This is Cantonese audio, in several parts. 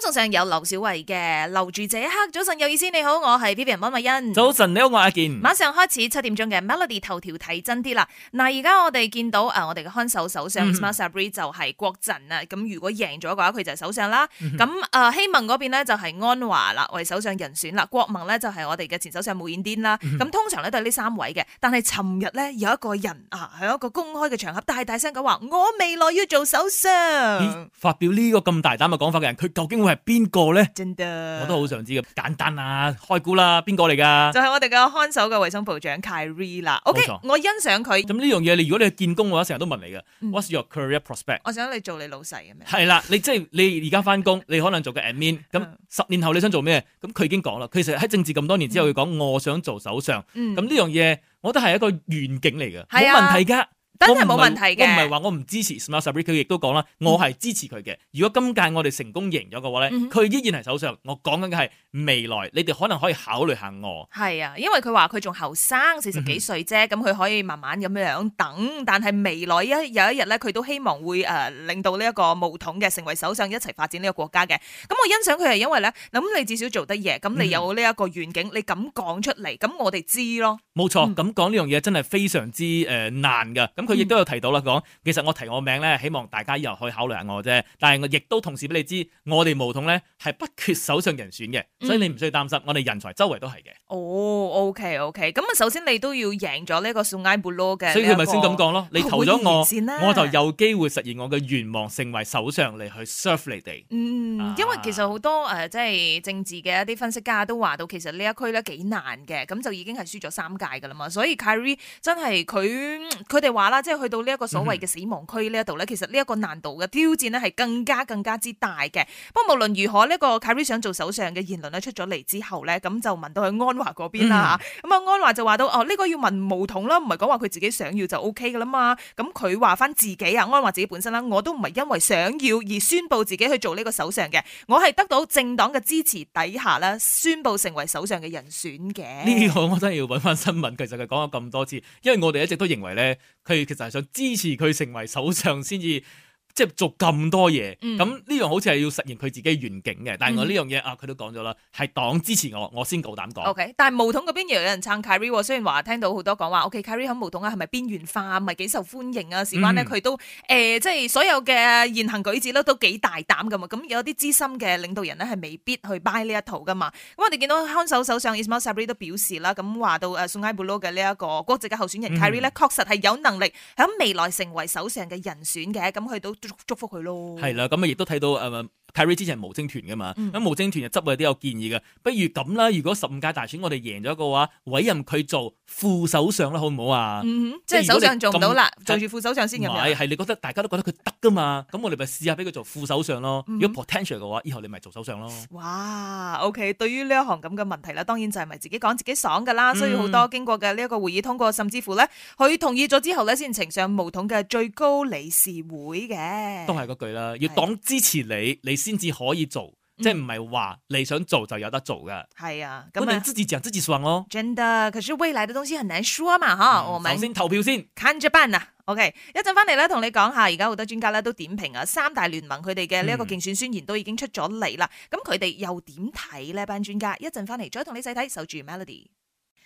今集上有劉小慧嘅留住這一刻，早晨有意思，你好，我係 Vivian 溫慧欣。早晨你好，我係阿健。馬上開始七點鐘嘅 Melody 頭條睇真啲啦。嗱，而家我哋見到誒，我哋嘅看守首相 Ismail、嗯、Sabri 就係國陣啊。咁如果贏咗嘅話，佢就係首相啦。咁誒、嗯哼，希盟嗰邊呢就係安華啦，我哋首相人選啦。國盟呢就係我哋嘅前首相慕尤丁啦。咁、嗯、哼通常咧都係呢三位嘅，但係尋日呢有一個人啊，喺一個公開嘅場合，大大聲講話，我未來要做首相。發表呢個咁大膽嘅講法嘅人，佢究竟？係邊個咧？我都好想知咁簡單啦，開估啦，邊個嚟噶？就係我哋嘅看守嘅衛生部長 Kyrie 啦。O K，我欣賞佢。咁呢樣嘢，如果你去見工嘅話，成日都問你嘅。What's your career prospect？我想你做你老細嘅咩？係啦，你即係你而家翻工，你可能做個 admin。咁十年後你想做咩？咁佢已經講啦。其實喺政治咁多年之後，佢講，我想做首相。咁呢樣嘢，我覺得係一個願景嚟嘅，冇問題噶。真係冇問題嘅，我唔係話我唔支持 Smart Sir，佢亦都講啦，我係支持佢嘅。如果今屆我哋成功贏咗嘅話咧，佢、嗯、哼依然係首相。我講緊嘅係未來，你哋可能可以考慮下我。係啊，因為佢話佢仲後生，四十幾歲啫，咁佢、嗯、哼可以慢慢咁樣等。但係未來一有一日咧，佢都希望會誒、呃、令到呢一個巫統嘅成為首相，一齊發展呢個國家嘅。咁我欣賞佢係因為咧，咁你至少做得嘢，咁你有呢一個願景，你敢講出嚟，咁、嗯、哼我哋知咯。冇錯，咁講呢樣嘢真係非常之誒難嘅。咁佢亦都有提到啦，講、嗯、其實我提我名咧，希望大家以後可以考慮下我啫。但係我亦都同時俾你知，我哋毛痛咧係不缺首相人選嘅，嗯、所以你唔需要擔心，我哋人才周圍都係嘅。哦，OK OK，咁、嗯、啊，首先你都要贏咗呢個宋埃布羅嘅，所以佢咪先咁講咯？你投咗我，我就有機會實現我嘅願望，成為首相嚟去 serve 你哋。嗯啊、因為其實好多誒，即、呃、係政治嘅一啲分析家都話到，其實呢一區咧幾難嘅，咁就已經係輸咗三家。大噶啦嘛，所以 Kerry 真係佢佢哋話啦，即係去到呢一個所謂嘅死亡區呢一度咧，嗯、其實呢一個難度嘅挑戰咧係更加更加之大嘅。不過無論如何，呢、這個 Kerry 想做首相嘅言論咧出咗嚟之後咧，咁就問到去安華嗰邊啦吓。咁啊、嗯、安華就話到哦，呢、這個要問巫統啦，唔係講話佢自己想要就 O K 噶啦嘛。咁佢話翻自己啊，安華自己本身啦，我都唔係因為想要而宣布自己去做呢個首相嘅，我係得到政黨嘅支持底下咧宣布成為首相嘅人選嘅。呢個我真係要搵翻新聞其實佢講咗咁多次，因為我哋一直都認為咧，佢其實係想支持佢成為首相先至。即係做咁多嘢，咁呢、嗯、樣好似係要實現佢自己嘅願景嘅。但係我呢樣嘢啊，佢都講咗啦，係黨支持我，我先夠膽講。O、okay, K. 但係毛統嗰邊又有人撐 Carrie，雖然話聽到好多講話，O、okay, K. Carrie 喺毛統啊，係咪邊緣化啊，唔係幾受歡迎啊？事關呢，佢都誒，即係、呃、所有嘅言行舉止咧都幾大膽噶嘛。咁有啲資深嘅領導人咧係未必去 buy 呢一套噶嘛。咁我哋見到看守首相 Ismael Sabri 都表示啦，咁話到誒，宋埃布羅嘅呢一個國籍嘅候選人 Carrie 咧、嗯，確實係有能力喺未來成為首相嘅人選嘅。咁去到祝福佢咯，係啦，咁啊，亦都睇到誒。泰瑞之前係巫青團嘅嘛，咁、嗯、巫青團就執佢啲有建議嘅，不如咁啦，如果十五屆大選我哋贏咗嘅話，委任佢做副首相啦，好唔好啊？即係首相做唔到啦，我做住副首相先。唔係，係你覺得大家都覺得佢得嘅嘛？咁 我哋咪試下俾佢做副首相咯。嗯、哼如果 potential 嘅話，以後你咪做首相咯。哇，OK，對於呢一行咁嘅問題啦，當然就係咪自己講自己爽嘅啦。所以好多經過嘅呢一個會議通過，甚至乎咧佢、嗯、同意咗之後咧，先呈上巫統嘅最高理事會嘅。都係嗰句啦，要黨支持你。的先至可以做，嗯、即係唔係話你想做就有得做噶。係啊，咁咪自己講自己信咯。 真的，可是未來的東西很難說嘛，哈、嗯！我咪們 先投票先。Can Japan 啊？OK，一陣翻嚟咧，同你講下，而家好多專家咧都點評啊，三大聯盟佢哋嘅呢一個競選宣言都已經出咗嚟啦。咁佢哋又點睇呢班專家，一陣翻嚟再同你細睇，守住 Melody。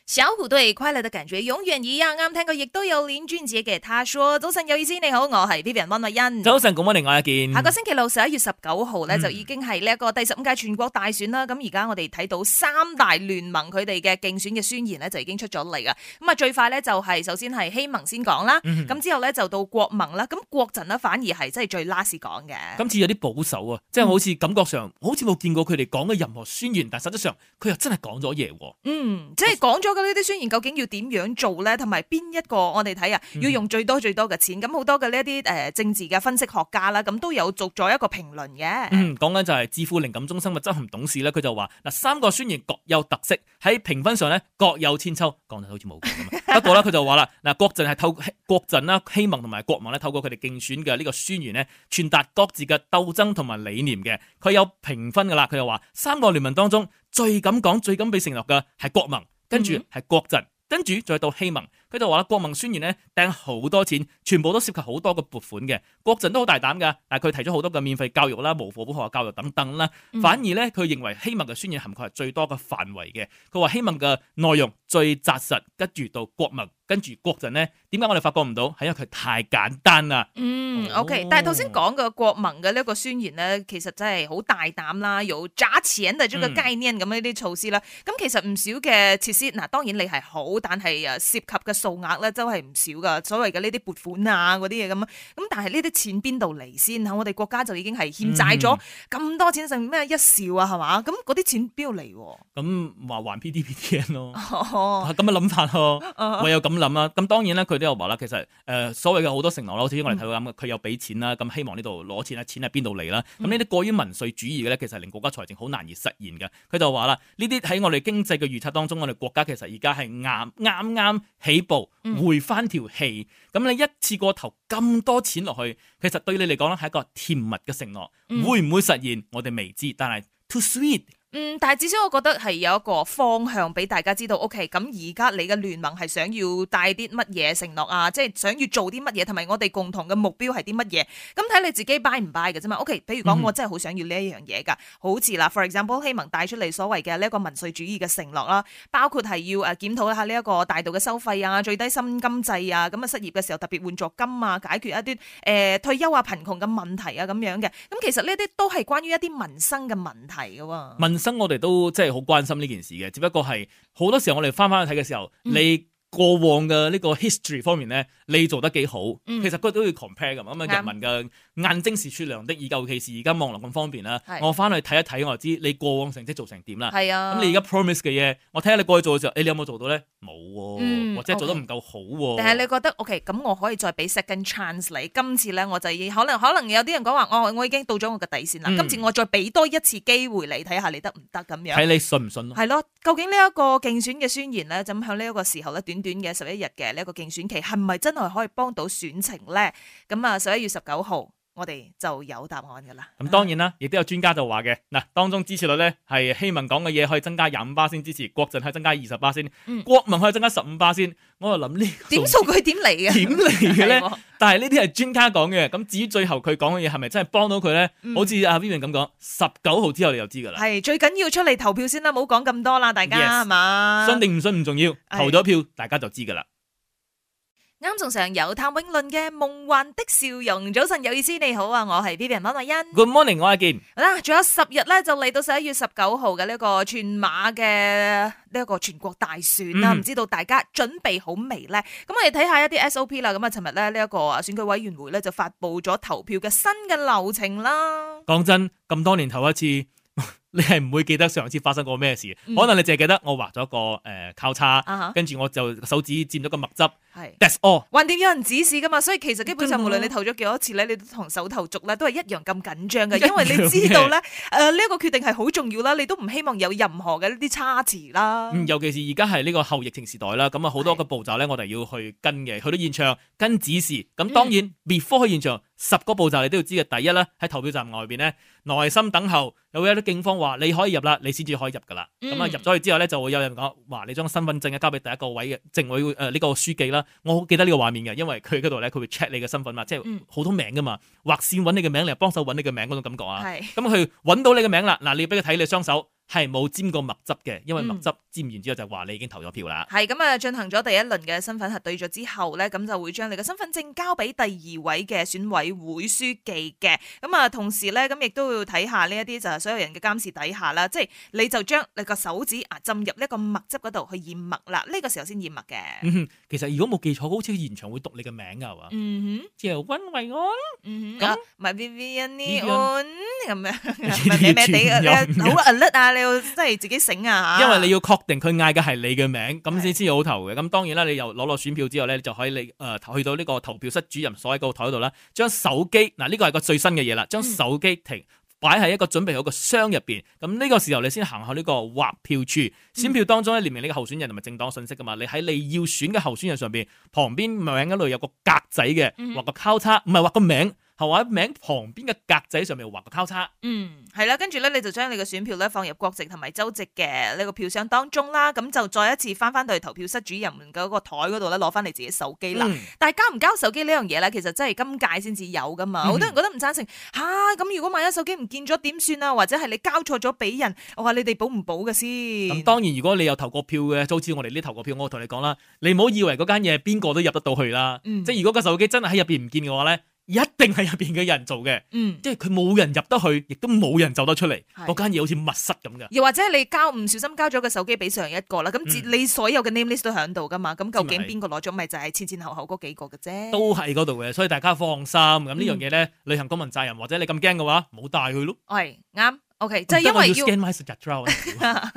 小虎隊快樂嘅感覺永遠一樣，啱聽過，亦都有林俊傑。佢哋他說：早晨有意思，你好，我係 Vivian 温慧欣。早晨，咁，講返另外一件。下個星期六十一月十九號呢，嗯、就已經係呢一個第十五屆全國大選啦。咁而家我哋睇到三大聯盟佢哋嘅競選嘅宣言呢，就已經出咗嚟噶。咁啊，最快呢，就係首先係希盟先講啦。咁、嗯、之後呢，就到國盟啦。咁國陣呢，反而係真係最 last 講嘅。今次有啲保守啊，即係好似感覺上，好似冇見過佢哋講嘅任何宣言，但實質上佢又真係講咗嘢。嗯，嗯即係講咗。呢啲宣言究竟要點樣做呢？同埋邊一個我哋睇啊？要用最多最多嘅錢咁好，嗯、多嘅呢啲誒政治嘅分析學家啦，咁都有做咗一個評論嘅。嗯，講緊就係智庫靈感中心嘅執行董事呢，佢就話嗱，三個宣言各有特色，喺評分上呢各有千秋。講得好似冇講，不 過呢，佢就話啦嗱，國陣係透過國陣啦，希盟同埋國盟呢透過佢哋競選嘅呢個宣言呢，傳達各自嘅鬥爭同埋理念嘅。佢有評分噶啦，佢又話三個聯盟當中最敢講、最敢俾承諾嘅係國盟。跟住係國陣，跟住再到希盟。佢就話啦，國盟宣言咧掟好多錢，全部都涉及好多個撥款嘅。國陣都好大膽噶，但係佢提咗好多嘅免費教育啦、無課本學教育等等啦。反而咧，佢認為希盟嘅宣言涵蓋係最多嘅範圍嘅。佢話希盟嘅內容最扎實，跟住到國盟，跟住國陣咧。點解我哋發覺唔到？係因為佢太簡單啦。嗯，OK。但係頭先講個國民嘅呢一個宣言，咧，其實真係好大膽啦，有揸錢、將個概念，咁呢啲措施啦。咁其實唔少嘅設施，嗱，當然你係好，但係誒涉及嘅數額咧真係唔少噶。所謂嘅呢啲撥款啊，嗰啲嘢，咁啊。咁但係呢啲錢邊度嚟先？我哋國家就已經係欠債咗咁多錢，剩咩一兆啊，係嘛？咁嗰啲錢邊度嚟？咁話還 PTPTN 咯，咁嘅諗法咯，我有咁諗啊。咁當然啦。佢。啲又話啦，其實誒、呃、所謂嘅好多承諾啦，好似我哋睇到咁，佢有俾錢啦，咁希望呢度攞錢啦，錢喺邊度嚟啦？咁呢啲過於民粹主義嘅咧，其實令國家財政好難以實現嘅。佢就話啦，呢啲喺我哋經濟嘅預測當中，我哋國家其實而家係啱啱啱起步回翻條氣。咁你一次過投咁多錢落去，其實對你嚟講咧係一個甜蜜嘅承諾，會唔會實現我哋未知，但係 too sweet。嗯，但係至少我覺得係有一個方向俾大家知道、嗯、OK，咁而家你嘅聯盟係想要帶啲乜嘢承諾啊？即係想要做啲乜嘢，同埋我哋共同嘅目標係啲乜嘢？咁睇你自己 buy 唔 buy 嘅啫嘛？OK，比如講我真係好想要呢一樣嘢噶，好似啦、嗯、for example，希望帶出嚟所謂嘅呢一個民粹主義嘅承諾啦、啊，包括係要誒檢討下呢一個大道嘅收費啊、最低薪金制啊，咁啊失業嘅時候特別援助金啊，解決一啲誒、呃、退休啊、貧窮嘅問題啊咁樣嘅。咁其實呢啲都係關於一啲民生嘅問題噶、啊。民生我哋都即係好關心呢件事嘅，只不過係好多時候我哋翻翻去睇嘅時候，嗯、你過往嘅呢個 history 方面咧。你做得幾好，其實佢都要 compare 㗎嘛。咁啊、嗯！人民嘅眼睛是雪亮的，而尤其是而家網絡咁方便啦。的我翻去睇一睇我就知你過往成績做成點啦。係啊的，咁你而家 promise 嘅嘢，我睇下你過去做嘅時候，你有冇做到咧？冇喎、啊，嗯、或者做得唔夠好喎、啊。定係、嗯 okay。你覺得 OK 咁我可以再俾 second chance 你，今次咧我就可能可能有啲人講話，我、哦、我已經到咗我嘅底線啦，嗯、今次我再俾多一次機會看看你睇下你得唔得咁樣？睇你信唔信咯？係咯，究竟呢一個競選嘅宣言咧，就咁喺呢一個時候咧，短短嘅十一日嘅呢一個競選期係咪真？可以幫到選情咧？咁啊，十一月十九號我哋就有答案噶啦。咁當然啦，亦都有專家就話嘅嗱，當中支持率咧係希文講嘅嘢，可以增加廿五巴先支持；國陣可以增加二十巴先；嗯、國民可以增加十五巴先。我就 啊諗呢點數據點嚟嘅？點嚟嘅咧？但係呢啲係專家講嘅。咁至於最後佢講嘅嘢係咪真係幫到佢咧？嗯、好似阿 Vivian 咁講，十九號之後你就知噶啦。係最緊要出嚟投票先啦，冇講咁多啦，大家係嘛？信定唔信唔重要，投咗票大家就知噶啦。啱從上游譚詠麟嘅夢幻的笑容，早晨有意思，你好啊，我係 Vivian 馬麗欣。Good morning，我係健。嗱，仲有十日咧，就嚟到十一月十九號嘅呢個全馬嘅呢一個全國大選啦，唔知道大家準備好未咧？咁我哋睇下一啲 S O P 啦。咁啊，尋日咧呢一個啊選舉委員會咧就發布咗投票嘅新嘅流程啦。講真，咁多年頭一次。你係唔會記得上次發生過咩事，嗯、可能你淨係記得我畫咗個誒交、呃、叉，跟住、啊、哈我就手指沾咗個墨汁，係、啊哈。That's all。橫掂，有人指示㗎嘛。所以其實基本上無論你投咗幾多次咧，嗯、你同手頭逐咧都係一樣咁緊張嘅，因為你知道咧誒呢、呃這個決定係好重要啦，你都唔希望有任何嘅呢啲差池啦。嗯、尤其是而家係呢個後疫情時代啦，咁啊好多嘅步驟咧我哋要去跟嘅，是去到現場跟指示。咁當然、嗯、before 去現場十個步驟你都要知嘅，第一咧喺投票站外邊呢，耐心等候，有啲警方話你可以入啦，你先至可以入噶啦。咁啊、嗯，入咗去之後咧，就會有人講話，你將身份證啊交俾第一個位嘅政委誒呢個書記啦。我好記得呢個畫面嘅，因為佢嗰度咧，佢會 check 你嘅身份嘛，即係好多名噶嘛，劃線揾你嘅名嚟幫手揾你嘅名嗰種感覺啊。咁佢揾到你嘅名啦，嗱，你要俾佢睇你雙手。係冇沾過墨汁嘅，因為墨汁沾完之後就話你已經投咗票啦。係咁啊，進行咗第一輪嘅身份核對咗之後咧，咁就會將你嘅身份證交俾第二位嘅選委會書記嘅。咁啊，同時咧，咁亦都要睇下呢一啲就係所有人嘅監視底下啦。即係你就將你個手指啊浸入呢一個墨汁嗰度去染墨啦。呢個時候先染墨嘅。其實如果冇記錯，好似現場會讀你嘅名噶係嘛？温慧安。咁咪 B B N 呢安咁樣，咩咩地啊，好 alert 啊！你要即係自己醒啊！因為你要確定佢嗌嘅係你嘅名，咁先先好投嘅。咁當然啦，你又攞落選票之後咧，就可以你誒、呃、去到呢個投票室主任所喺個台度啦，將手機嗱呢個係個最新嘅嘢啦，將手機停，擺喺一個準備好個箱入邊。咁呢、嗯、個時候你先行去呢個劃票處，選票當中咧列明呢個候選人同埋政黨信息噶嘛？你喺你要選嘅候選人上邊旁邊搵一類有個格仔嘅畫個交叉，唔係畫個名。係或者名旁邊嘅格仔上面畫個交叉。嗯，係啦、啊，跟住咧，你就將你嘅選票咧放入國席同埋州席嘅呢個票箱當中啦。咁就再一次翻翻到去投票室主任嘅嗰個台嗰度咧，攞翻你自己手機啦。嗯、但係交唔交手機呢樣嘢咧，其實真係今屆先至有噶嘛。好、嗯、多人覺得唔讚成吓，咁、啊、如果萬一手機唔見咗點算啊？或者係你交錯咗俾人，我話你哋補唔補嘅先？咁、嗯、當然，如果你有投過票嘅，就好似我哋呢投過票，我同你講啦，你唔好以為嗰間嘢邊個都入得到去啦。嗯、即係如果個手機真係喺入邊唔見嘅話咧。一定係入邊嘅人做嘅，嗯、即係佢冇人入得去，亦都冇人走得出嚟，嗰間嘢好似密室咁嘅。又或者你交唔小心交咗個手機俾上一個啦，咁、嗯、你所有嘅 name list 都喺度噶嘛？咁究竟邊個攞咗，咪、嗯、就係前前後後嗰幾個嘅啫。都係嗰度嘅，所以大家放心。咁呢樣嘢咧，嗯、履行公民責任，或者你咁驚嘅話，冇帶佢咯。係啱，OK，即係因為要。要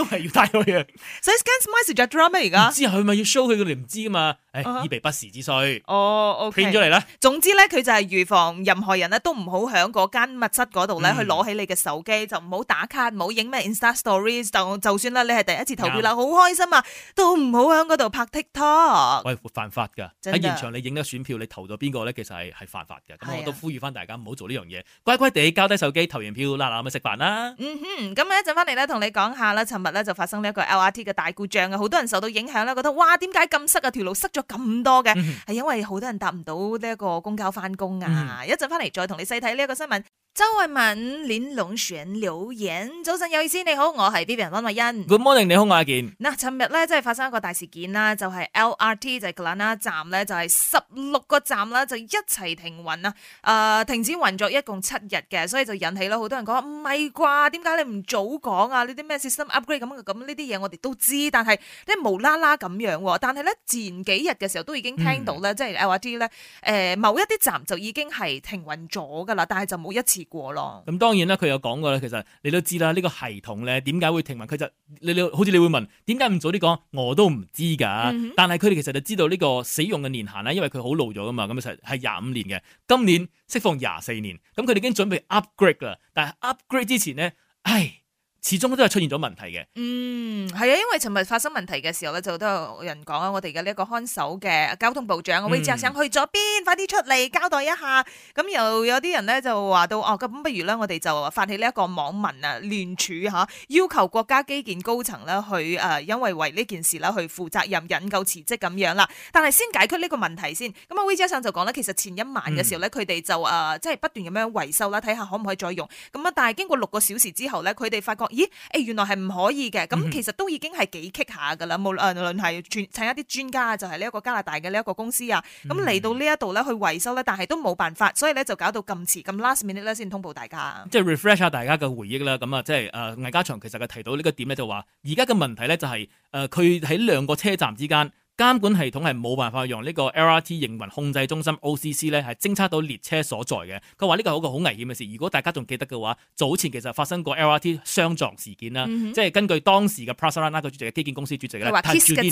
都係要帶佢嘅，所以 Scan Message Drama 而家，之後佢咪要 show 佢佢哋唔知噶嘛？以、哎 uh huh. 備不時之需。哦，O K。變咗嚟啦。總之咧，佢就係預防任何人咧，都唔好喺嗰間密室嗰度咧去攞起你嘅手機，嗯、就唔好打卡，唔好影咩 Insta Stories 就。就就算啦，你係第一次投票啦，好錯開心啊，都唔好喺嗰度拍 TikTok。喂，犯法噶。喺的現場你影咗選票，你投咗邊個咧？其實係係犯法嘅。咁、啊、我都呼籲翻大家唔好做呢樣嘢，乖乖地交低手機，投完票啦，咁咪食飯啦。嗯哼，咁啊一陣翻嚟咧，同你講下啦，尋日。 咧就發生呢一個 LRT 嘅大故障啊，好多人受到影響啦，覺得哇點解咁塞啊？條路塞咗咁多嘅，係、嗯、因為好多人搭唔到呢一個公交翻工啊！嗯、一陣翻嚟再同你細睇呢一個新聞。周慧敏連龍選留言，早晨有意思你好，我係 B B M 温慧欣。Good morning，你好阿健。嗱，尋日咧真係發生一個大事件啦，就係 L R T 就係格蘭拉站咧，就係十六個站啦，就一齊停運啦，誒，停止運作一共七日嘅，所以就引起咗好多人講唔係啩？點解你唔早講啊？呢啲咩 system upgrade 咁咁呢啲嘢我哋都知，但係你無啦啦咁樣。但係咧前幾日嘅時候都已經聽到咧，即係 L R T 咧，誒，某一啲站就已經係停運咗噶啦，但係就冇一次。結果咯，咁當然啦，佢有講過啦。其實你都知啦，呢個系統咧點解會停埋？佢就你你好似你會問，麼麼點解唔早啲講？我都唔知噶。但係佢哋其實就知道呢個使用嘅年限咧，因為佢好老咗噶嘛。咁其實係廿五年嘅，今年釋放廿四年，咁佢哋已經準備 upgrade 啦。但係 upgrade 之前咧，唉。始終都係出現咗問題嘅。嗯，係啊，因為尋日發生問題嘅時候咧，就都有人講啊，我哋嘅呢一個看守嘅交通部長，Wee Jasper 去咗邊？快啲出嚟交代一下。咁又有啲人咧就話到哦，咁不如咧，我哋就發起呢一個網民啊，聯署吓、啊，要求國家基建高層咧去誒、呃，因為為呢件事咧去負責任、引咎辭職咁樣啦。但係先解決呢個問題先。咁啊，Wee Jasper 就講咧，其實前一晚嘅時候咧，佢哋、嗯、就誒、即、呃、係、就是、不斷咁樣維修啦，睇下可唔可以再用。咁啊，但係經過六個小時之後咧，佢哋發覺。咦？誒、欸、原來係唔可以嘅，咁其實都已經係幾棘下㗎喇。嗯、哼無論係請一啲專家啊，就係呢一個加拿大嘅呢一個公司啊，咁嚟、嗯、哼到呢一度咧去維修咧，但係都冇辦法，所以咧就搞到咁遲咁 last minute 咧先通報大家。即係 refresh 下大家嘅回憶啦。咁啊、就是，即係誒魏家祥其實佢提到呢個點咧，就話而家嘅問題咧就係誒佢喺兩個車站之間。監管系統係冇辦法用呢個 LRT 營運控制中心 OCC 咧，係偵測到列車所在嘅。佢話呢個係一個好危險嘅事。如果大家仲記得嘅話，早前其實發生過 LRT 相撞事件啦。嗯、哼即係根據當時嘅 Prasarana 主席嘅基建公司主席咧，話 kiss 嘅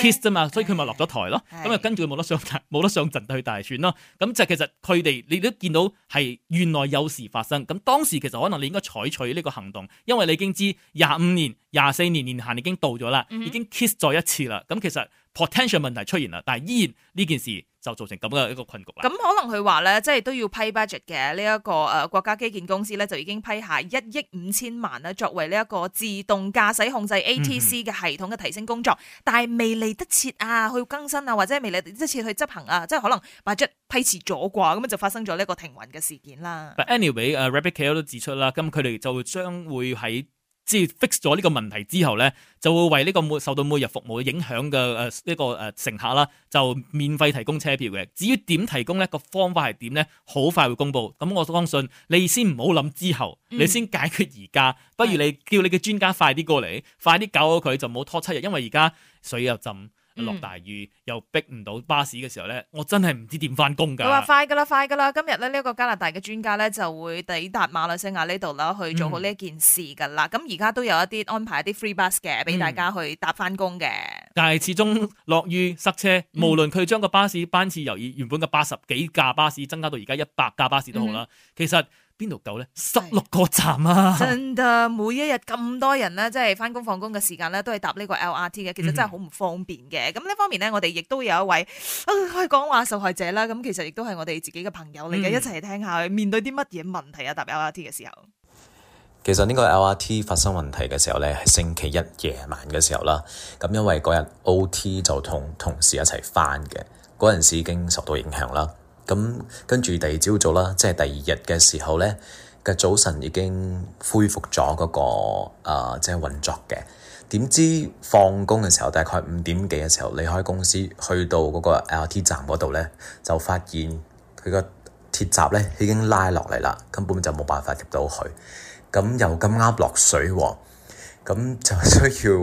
kiss 啫嘛，所以佢咪落咗台咯。咁啊跟住佢冇得上冇得上陣去大選咯。咁、嗯、就、嗯、哼其實佢哋你都見到係原來有事發生。咁當時其實可能你應該採取呢個行動，因為你已經知廿五年、廿四年年限已經到咗啦，嗯、哼已經 kiss 咗一次啦。咁其實 potential 問題出現啦，但係依然呢件事就造成咁嘅一個困局啦。咁可能佢話咧，即係都要批 budget 嘅呢一個誒國家基建公司咧，就已經批下一億五千萬啦，作為呢一個自動駕駛控制 ATC 嘅系統嘅提升工作，但係未嚟得切啊，去更新啊，或者未嚟得切去執行啊，即係可能 budget 批遲咗啩，咁就發生咗呢一個停運嘅事件啦。But anyway，誒 r e b e d c a e 都指出啦，咁佢哋就會將會喺。即係 fix 咗呢個問題之後咧，就會為呢個沒受到每日服務影響嘅誒一個誒乘客啦，就免費提供車票嘅。至於點提供咧，個方法係點咧，好快會公布。咁我相信你先唔好諗之後，你先解決而家。嗯、不如你叫你嘅專家快啲過嚟，嗯、快啲搞好佢，就唔好拖七日，因為而家水又浸。落大雨又逼唔到巴士嘅時候咧，我真係唔知點翻工噶。佢話快噶啦，快噶啦！今日咧呢一個加拿大嘅專家咧就會抵達馬來西亞呢度啦，去做好呢一件事噶啦。咁而家都有一啲安排啲 free bus 嘅俾大家去搭翻工嘅。但係始終落雨塞車，嗯、無論佢將個巴士班次由以、嗯、原本嘅八十幾架巴士增加到而家一百架巴士都好啦。嗯嗯、其實。邊度夠呢？十六個站啊！真㗎，每一日咁多人呢，即係返工放工嘅時間呢，都係搭呢個 L R T 嘅，其實真係好唔方便嘅。咁呢、嗯、方面呢，我哋亦都有一位、啊、可以講話受害者啦。咁其實亦都係我哋自己嘅朋友嚟嘅，一齊聽一下面對啲乜嘢問題啊，搭 L R T 嘅時候。嗯、其實呢個 L R T 發生問題嘅時候呢，係星期一夜晚嘅時候啦。咁因為嗰日 O T 就同同事一齊返嘅，嗰陣時已經受到影響啦。咁跟住第二朝早啦，即係第二日嘅時候咧嘅早晨已經恢復咗嗰個啊、呃，即係運作嘅。點知放工嘅時候，大概五點幾嘅時候離開公司，去到嗰個 L T 站嗰度咧，就發現佢個鐵閘咧已經拉落嚟啦，根本就冇辦法入到去。咁又咁啱落水喎，咁就需要，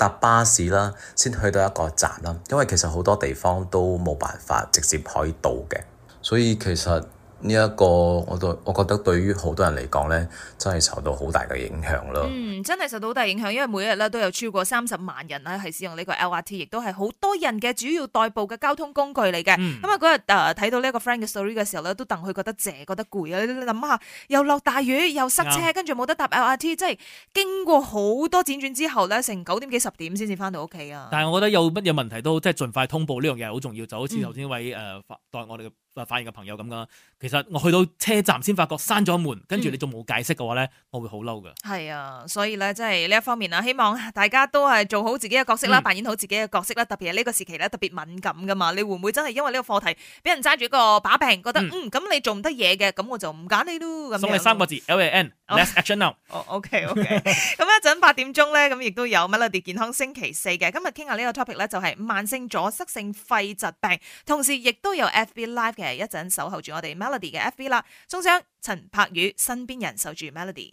搭巴士啦，先去到一個站啦，因為其實好多地方都冇辦法直接可以到嘅，所以其實。呢一、這個我都我覺得對於好多人嚟講咧，真係受到好大嘅影響咯。嗯，真係受到好大影響，因為每一日咧都有超過三十萬人咧係使用呢個 LRT，亦都係好多人嘅主要代步嘅交通工具嚟嘅。咁啊嗰日誒睇到呢個 friend 嘅 story 嘅時候咧，都戥佢覺得謝，覺得攰啦。你諗下又落大雨，又塞車，跟住冇得搭 LRT，即係經過好多輾轉之後咧，成九點幾十點先至翻到屋企啊！但係我覺得有乜嘢問題都即係盡快通報呢樣嘢好重要，就好似頭先位誒代我哋嘅。發現嘅朋友咁噶，其實我去到車站先發覺閂咗門，跟住你仲冇解釋嘅話咧，嗯、我會好嬲嘅。係啊，所以咧，即係呢一方面啊，希望大家都係做好自己嘅角色啦，嗯、扮演好自己嘅角色啦。特別係呢個時期咧，特別敏感噶嘛，你會唔會真係因為呢個課題俾人揸住一個把柄，覺得嗯咁、嗯、你做唔得嘢嘅，咁我就唔揀你咯。送你三個字、嗯，L A N，Let's Okay. Action Now。OK，OK。咁一陣八點鐘咧，咁亦都有 Medicality 健康星期四嘅，今日傾下呢個 topic 咧，就係慢性阻塞性肺疾病，同時亦都有 F B Live 嘅。係一陣守候住我哋 Melody 嘅 FB 啦，終章陳柏宇身邊人守住 Melody。